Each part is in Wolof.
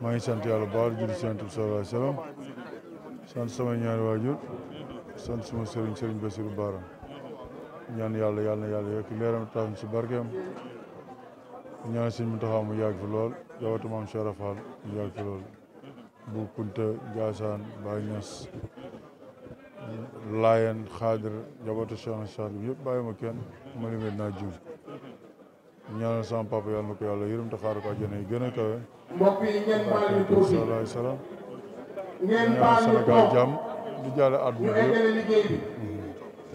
maa ngi sant yàlla baax di julli si yonent bi sant sama ñaari waajur sant sama sëriñ sëriñ Bassirou Bara ñaan yàlla yàlla na yàlla yokk leeram taaf ci barkeem ñaan sëriñ mu yàgg fi lool jawatu maam Cheikh Rafal mu yàgg fi lool Kunta Jaasaan Baay Ñas Laayeen Xaadir jawatu Cheikh Saad bi yëpp bàyyi ma kenn ma limee naa ñaanal sama papa yàlla na ko yàlla yërëm te xaaral ko àjjana yi àdduna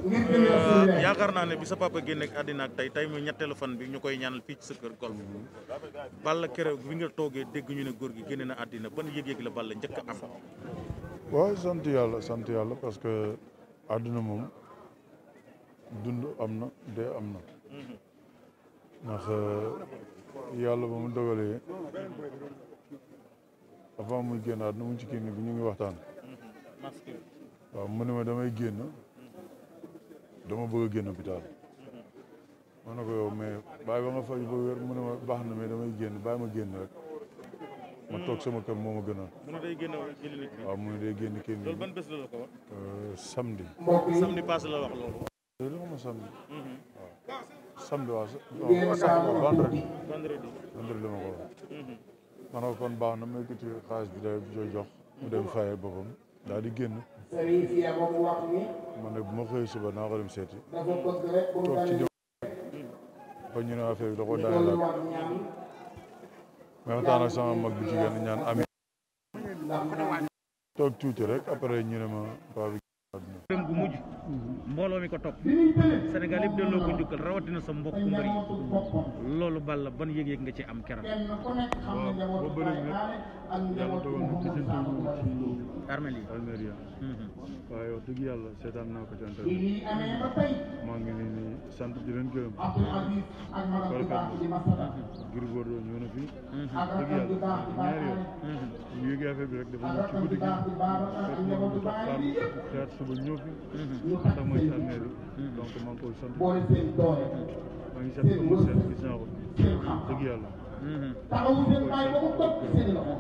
bi mm-hmm. yaakaar naa ne bi sa papa génne ak àddina ak tey tey mooy ñetteelu fan bi ñu koy ñaanal fii sa kër golf. Mm-hmm. Balla keroog bi nga toogee dégg ñu ne góor gi génne na àddina ban yëg-yëg la Balla njëkk am. waaw sant yàlla sant yàlla parce que àdduna moom dund am na dee am na. Mm-hmm. ndax euh, yàlla ba mu dogalee mu génn génnaat nu mu ci clinique bi ñu ngi waxtaan waaw mu ne ma damay génn dama bëgg a génn hôpital ma na ko yow mais bàyyi ba nga mu ne baax na mais damay génn bàyyi ma génn rek ma toog sama kër moo ma gënoon. mu waaw mu ne day génn clinique bi loolu ban bés la euh, wax. loolu. loolu a waaw samedi vendredi vendredi la ma ko wax mhm. man kon baax na ma yëkkati xaalis bi day jo jox mu dem mhm. fayal boppam daal di génn man ne bu ma xëyee suba naa ko seeti toog ci jëm ba ñu ne affaire bi da ko daane laaj ma waxtaan ak mag bi jigéen ñaan ami toog tuuti rek après ñu ne dem gu mujj mbooloo mi ko topp Sénégal yëpp delloo ko njukkal rawatina sa mbokk mbër yi loolu Balla ban yëg-yëg nga ci am keroog. waaw yi armel yi sant di leen gërëm. korkat bi Gris Bordeaux ñëw na fi. dëgg yàlla ñaari yoon. ñu yëgee affaire bi rek dafa ñëw ci guddi gi. fekk na mu tax xaar xaar suba ñëw fi. Mm-hmm. ndax mooy sànneeri. Mm-hmm. donc maa ngi koy sant. maa ngi sant mu seet gis naa ko. dëgg yàlla. Mm-hmm. taxawu seen bàyyi ba mu topp seen loxo.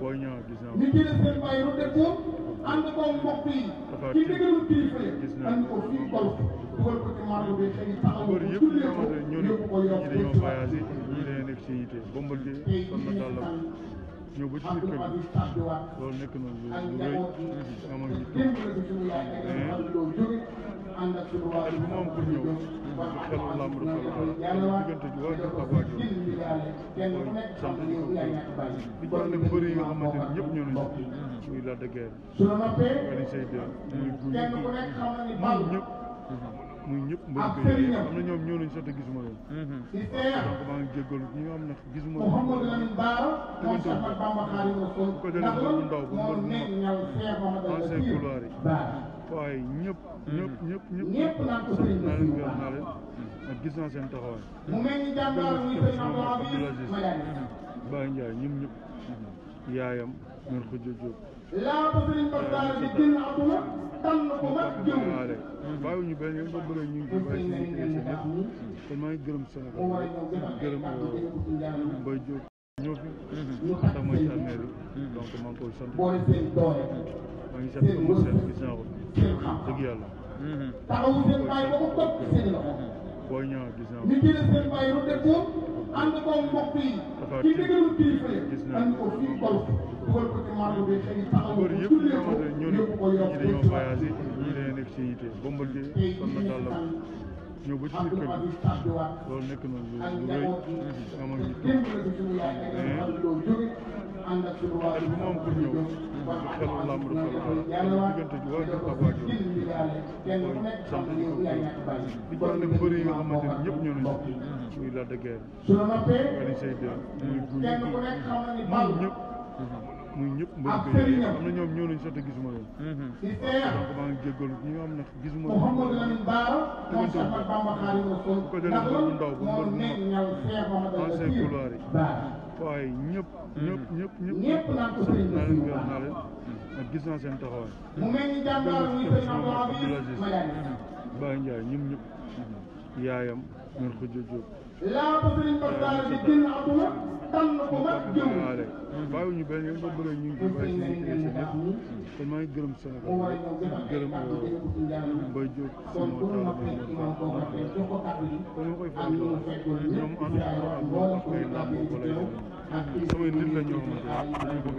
boo ñëw gis naa ko. ànd koog mbokk yi ci ndigalu kilifa yi ànd ko fii golf dugal ko ci marché bi xëy taxawu ko tuddee ko yóbbu ko yokk ñi dañoo voyagé ñi dañoo nekk ci yite bombardier kon na dàll ñëw ba ci biir kër gi loolu nekk na lu rëy amoon ñu toog mais bu moom pour ñëw xelu làmb dafa am diggante ñu ko mbër yi nga xamante ni ñoo nañu muy la dëggeer wala say de muy guy muy ñëpp muy ñëpp mbër yi am na ñoom ñoo nañu sax te gisuma leen donc maa ngi jéggalu ñi nga xam ne gisuma leen bu ko jëlee mbër bu ndaw bu mbër bu mag ancien couloir yi waaye mm-hmm. ñëpp. ñëpp ñëpp ñëpp. ñëpp naan ko sëriñ bi ñu naan naa leen mm-hmm. gis naa seen taxawaay. mu mel ni jàmbaar muy sëriñ Abdou Aziz mm-hmm. Baye Ndiaye ñoom ñëpp. yaayam mën ko jóg. laa ko sëriñ Bakar di génn àdduna tànn ko mag jëm. bàyyi ñu benn yoon ba bëre ñu ngi bàyyi si ñu ngi kon maa ngi gërëm Sénégal gërëm uh, Mbaye Diop ñoo fi sama sànneeri donc maa ngi koy sant maa ngi sant seen xam-xam. taxawu seen bàyyi ba mu topp seen loxo. ñu jëlee seen bàyyi lu def ko ànd ko mbokk yi. ci dëgëru kilifa yi ànd ko fii golf dugal ko ci marché bi xëy taxawu ko tuddee ko yóbbu ko yokk ñi dañoo voyagé ñi dañoo nekk ci yite bombardier kon na dàll ñëw ba ci biir kër gi loolu nekk na lu rëy nga mag ñi toog mais dafa moom pour ñëw xelul làmb du xelul dara diggante ji war a def ak waajur mooy sant ñu ko di jaale mbëri yi nga xamante ni ñëpp ñoo nañu muy la de guerre Aliou Seyde muy guy ñoom ñëpp muy ñëpp mbëri koy am na ñoom ñoo nañu sax te gisuma leen donc maa ngi jéggalu ñi nga xam ne gisuma leen ko jëlee mbër bu ndaw bu mbër bu mag ancien couloir yi waaye ñëpp. Mm. ñëpp ñëpp ñëpp ñëpp naan ko sëriñ bi sant naa leen gërëm naa leen. ak gis naa seen taxawaay. mu mel ni jàmbaar muy sëriñ Abdou Aziz Baye Ndiaye ñoom ñëpp. yaayam ñoom Khoudia Diop. laa ko sëriñ Bakhsa di génn àdduna tànn ko mag jëm. bàyyi ñu benn yoon ba bëre ñu ngi bàyyi seen i ñëpp kon maa ngi gërëm Sénégal gërëm Mbaye Diop sama taal bi kon ma koy faral ñoom ànd ak ay làmb ko lay Mm-hmm. samay nit la ñoo ah mm-hmm. a kawe moog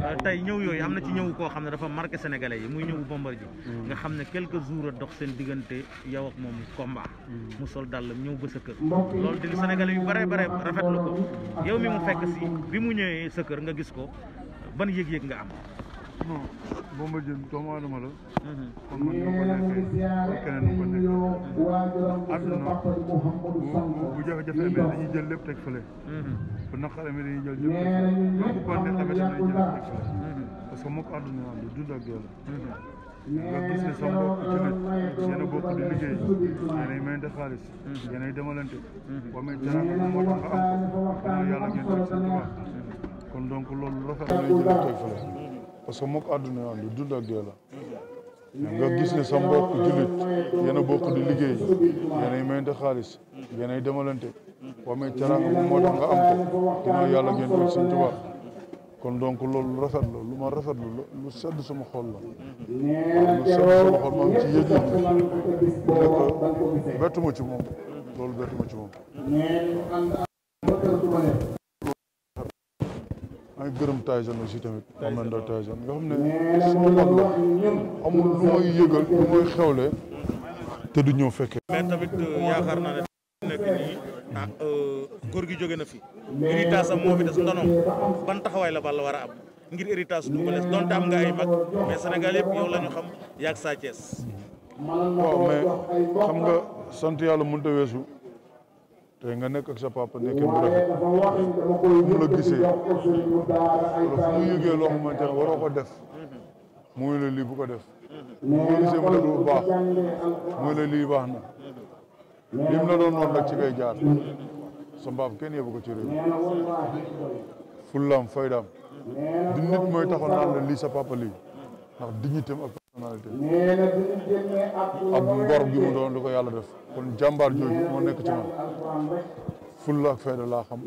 euh, ñëw yooyu am na ci ñëw koo xam ne dafa marqué sénégalais yi muy ñëw Bombardier ji mm-hmm. nga xam ne quelques jours a dox seen diggante yow ak moom combat mu sol dàllam ñëw ba sa kër loolu di sénégalais yu bare bare rafetlu ko yow mi mu fekk si bi mu ñëwee sa kër nga gis ko ban yëg-yëg nga am non Bombardier doomu aadama la. Mhm. kon man nga ko nekkee kon keneen nga ko nekkee. àdduna bu bu jafe-jafe amee dañuy jël lépp teg fële. Mhm. bu naqar amee dañuy jël lépp teg fële. bu kontaan amee dañuy jël lépp teg fële. Mhm. parce a bokk di liggéey yéen ay mayante xaalis yéen ay demalante ko kon donc loolu rafet na ñu jëlee tey fële parce que mook àdduna yoon di dund ak dee la nga gis ne sa mbokk jullit yéen a bokk di liggéey yéenay mayante xaalis yéenay demalante waa may teraanga moom moo tax nga am ko ginnaaw yàlla ngeen koy sëñ Tuubaa kon donc loolu rafet la lu ma rafet la lu sedd sama lu sedd sama xol ma am ci yëg yëg nekk ma ci moom loolu bettu ma ci gërëm Tyson aussi tamit. Tyson waaw Tyson nga xam ne suñu mag la amul lu may yëgal lu may xewle te du ñëw fekkee. mais tamit euh, yaakaar naa ne nekk nii ah euh, góor gi jóge na fi. héritage am moo fi des ndonoom ban taxawaay la Balla war a am ngir héritage du ko les donte am nga mag mais Sénégal yëpp yow la ñu xam yaag Sa Thiès. waaw mais xam nga sant yàlla mënut a weesu. tey nga nekk ak sa papa nekkee bu rafet mu la gisee wala fu mu yëgee loo xamante waroo ko def mooy la lii bu ko def mu la gisee mu la lu baax la lii baax na li mu la doon noon nag ci gay jaar sa mbaam kenn yóbbu ko ci réew fullaam faydaam di nit mooy taxaw naan la lii sa papa lii ndax dignitéem ak personnalité ak ngor gi mu doon lu ko yàlla def kon jàmbaar jooju moo nekk ci man fulla ak fayda laa xam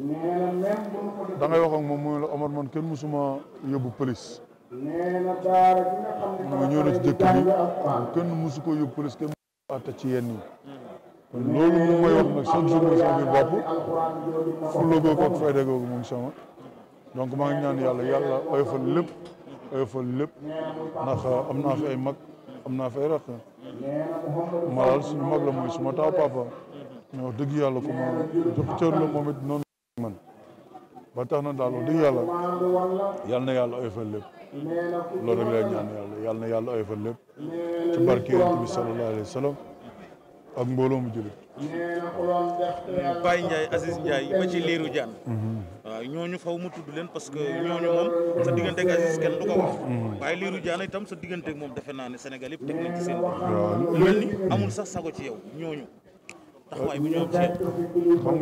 da ngay moom mooy la Omar man kenn musuma yóbbu police ma ñëw na ci dëkk bi kenn musu yóbbu police kenn musu ci yenn yi kon loolu moom donc maa ngi ñaan yàlla yàlla oyofal lépp oyofal lépp ndax am naa fi ay mag am naa fi ay rakk Malal suñu mag la mooy suma taaw papa mais wax dëgg yàlla ku ma jox cër la moom noonu man ba tax na daal wax dëgg yàlla yal na yàlla oyofal lépp loolu rek lay yal na yàlla oyofal lépp ci barke Yonent bi sallallahu alayhi wa ak mbooloo mu jullit Baye Ndiaye Aziz Ndiaye ba ci liiru jaan waaw ñooñu faw mu tudd leen parce que ñooñu moom sa diggante ak Aziz kenn wax. Mm-hmm. waaye Lirou Diane itam sa diggante moom defe naa ne Sénégal yëpp sax sago ci yow ñooñu. bu ñu am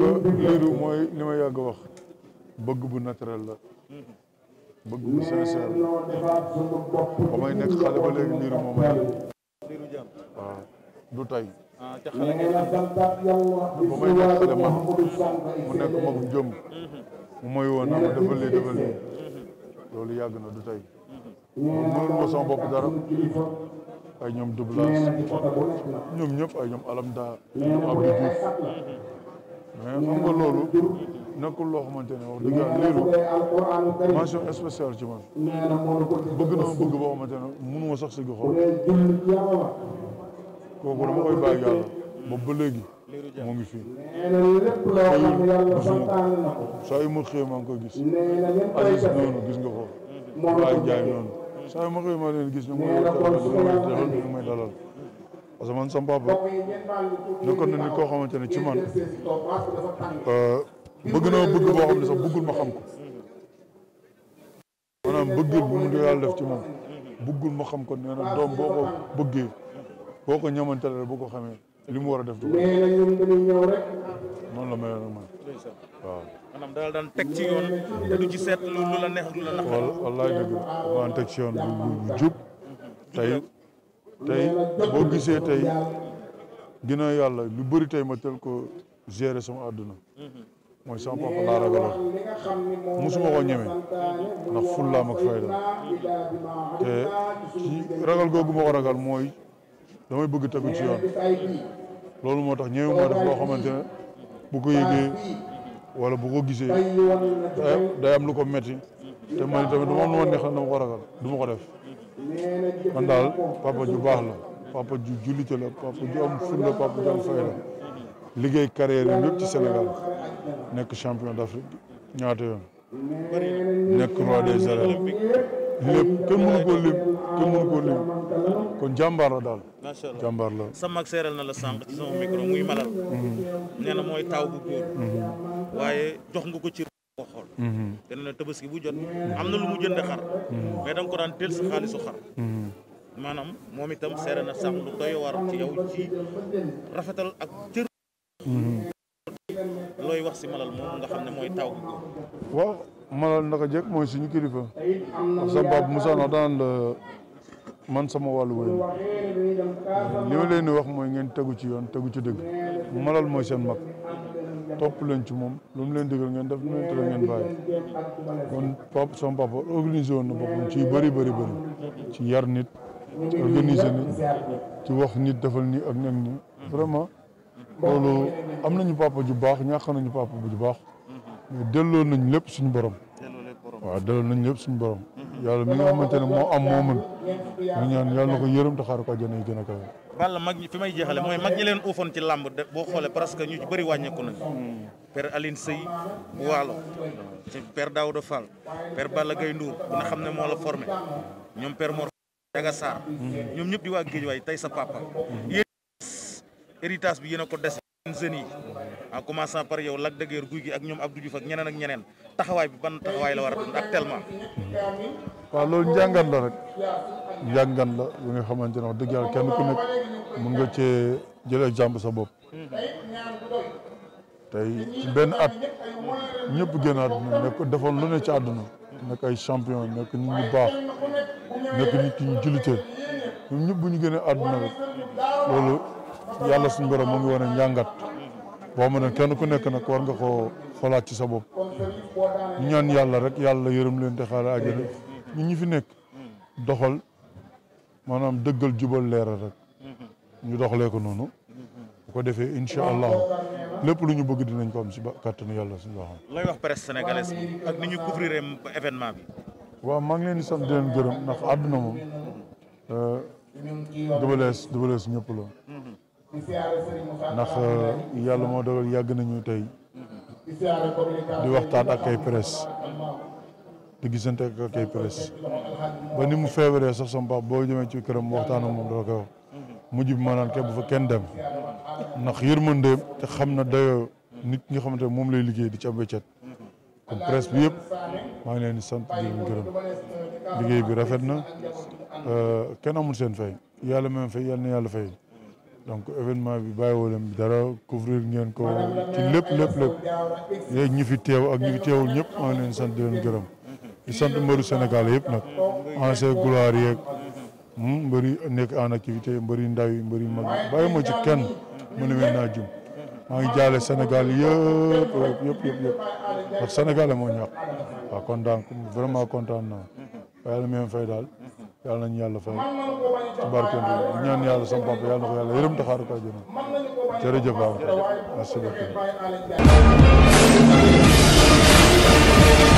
mooy li ma yàgg wax. bëgg bu naturel la. Mm-hmm. bëgg bu sincère la. may nekk xale ba léegi Lirou moom la. du tey. ah may nekk xale man mu nekk moom jëm. Mm-hmm. mu may woon naa ma defal loolu yàgg na du tey mënul ma sama bopp dara ay ñoom doublage ñoom ñëpp ay ñoom alamda ñoom Abdou Diouf mais nga loolu nekkul loo xamante ne wax dëgg yàlla liiru mention ci man bëgg na ma bëgg boo xamante ne mënu ma si gi xool kooku dama koy bàyyi yàlla boobu ba léegi mu ngi fii saa yu ma xëyee maa ngi koy gis Aziz noonu gis nga ko Baye Ndiaye noonu saa yu ma xëyee maa leen gis ñu mooy dalal ñu may dalal parce que man sama papa nekkoon na nit koo xamante ne ci man euh, bëgg na bëgg boo xam ne sax bëggul ma xam ko maanaam bëgg bu mu yàlla def ci moom bëggul ma xam ko nee na doom boo ko bëggee boo ko ñamantale bu ko xamee li war a def du man teg ci la neex lu la nax. wallaay dëgg daan teg ci yoon bu jub. tey tey boo gisee tey ginnaaw yàlla lu bëri tey ma tel ko gérer sama àdduna. mooy sama papa laa ragaloon musuma ko ñeme ndax fullaam ak fayda te ragal googu ma ragal mooy. damay bëgg tegu ci yoon loolu moo tax ñëw moo def loo xamante ne bu ko yëgee wala bu ko gisee eh, day am lu ko metti te man tamit du ma am lu ma neex dama ko du ma def man daal papa ju baax la papa ju jullite la papa ju am ful la papa ju am fay la liggéey carrière yi ci Sénégal nekk champion d'Afrique ñaata yoon nekk roi des arènes lépp kenn mënu koo lim kenn mënu koo lim kon jàmbaar daal. macha allah jàmbaar la. sa mag na la sànq ci sama micro muy malal. Mm-hmm. nee na mooy taaw bu góor. Mm-hmm. waaye jox nga ko ci. ko xool dana mm-hmm. ne tabaski bu jot am na lu mu jënd xar mais da ko daan teel xaalisu xar maanaam moom itam seere na sax lu doy war ci yow ci rafetal ak cër looy wax si malal moom nga xam ne mooy taw malal naka jëkk mooy suñu kilifa wax sa baab Moussa na daan la man sama wàllu wéy li ma leen di wax mooy ngeen tegu ci yoon tegu ci dëgg malal mooy seen mag topp leen ci moom lu mu leen dëggal ngeen def lu mu leen tëral ngeen bàyyi kon papa sama papa organisé woon na boppam ci bari bëri bëri ci yar nit organiser nit ci wax nit defal nii ak nag nii vraiment loolu am nañu papa ju baax ñàkk nañu papa ju baax. Mm-hmm. mais delloo nañ lépp suñu borom. waaw delloo nañ lépp suñu borom. Mm-hmm. yàlla mi nga xamante ne moo am moo mën. ñu ñaan yàlla na ko yërëm te ko àjjana yi gën a kawe. Balla mag ñi fi may jeexale mooy mag ñi leen uufoon ci làmb de boo xoolee presque ñu ci bëri wàññeeku nañ mm-hmm. père Aline Sey bu Waalo per Daouda Fall père Balla Gaye Ndour bu xam ne moo la formé ñoom per Mor Daga Sarr ñoom ñëpp di waa géej waay tey sa papa héritage bi yéen a ko dese jeunes a en commençant par yow Lac de guy gi ak ñoom Abdou Diouf ak ñeneen ñeneen taxawaay bi ban taxawaay la war a actuellement. waaw loolu njàngan la rek njàngan la lu nga xamante ne wax dëgg yàlla kenn ku nekk mën nga cee jël exemple sa tey ci benn at ñëpp génn àdduna nekk defoon ci àdduna nekk ay champion nekk nit ñu baax nekk nit ñu jullite ñun ñëpp bu ñu génnee àdduna rek loolu yàlla suñu borom mu ngi wane njàngat boo ma ne kenn ku nekk nag war nga koo xoolaat ci sa bopp ñu yàlla rek yàlla yërëm leen te xaare àjjana ñu ñi fi nekk doxal maanaam dëggal jubal leer rek ñu doxalee ko noonu bu ko defee incha allahu lépp lu ñu bëgg dinañ ko am si kàttanu yàlla suñu waxam lay wax presse bi ak ni ñu leen di sant di leen gërëm ndax àdduna moom euh, Double Less ndax eh, yàlla moo dogal yàgg nañu tey di waxtaan ak ay presse di gisante ak ay presse ba ni mu feebaree sax sama papa boo jëmee ci këram waxtaan ak moom doo koy wax mujj bi maanaam kenn bu fa kenn dem ndax yërmandeem te xam na dayoo nit ñi nga xamante ne moom lay liggéey di ci am wéccet kon presse bi yëpp maa ngi leen sant di leen gërëm liggéey bi rafet na eh, kenn amul seen fay yàlla même fay yàlla na yàlla fay. donc événement bi bàyyiwoo leen dara couvrir ngeen ko ci lépp lépp lépp yéen ñi fi teew ak ñi fi teewul ñëpp maa ngi leen sant di leen gërëm di sant mbëru Sénégal yëpp nag ancien gloire yeeg hmm, mbëri nekk en activité mbëri ndaw yi mbëri mag yi bàyyi ma ci kenn mu ne meen naa jum maa ngi jaale Sénégal yëpp yëpp yëpp yëpp ndax Sénégal moo ñàkk waaw kon donc vraiment kontaan naa yàlla mi fay daal yàlla nañu yàlla fay ci barkeem bi ñaan yàlla sama na ko yàlla yërëm taxaaru ko àjjana jërëjëf waaw merci beaucoup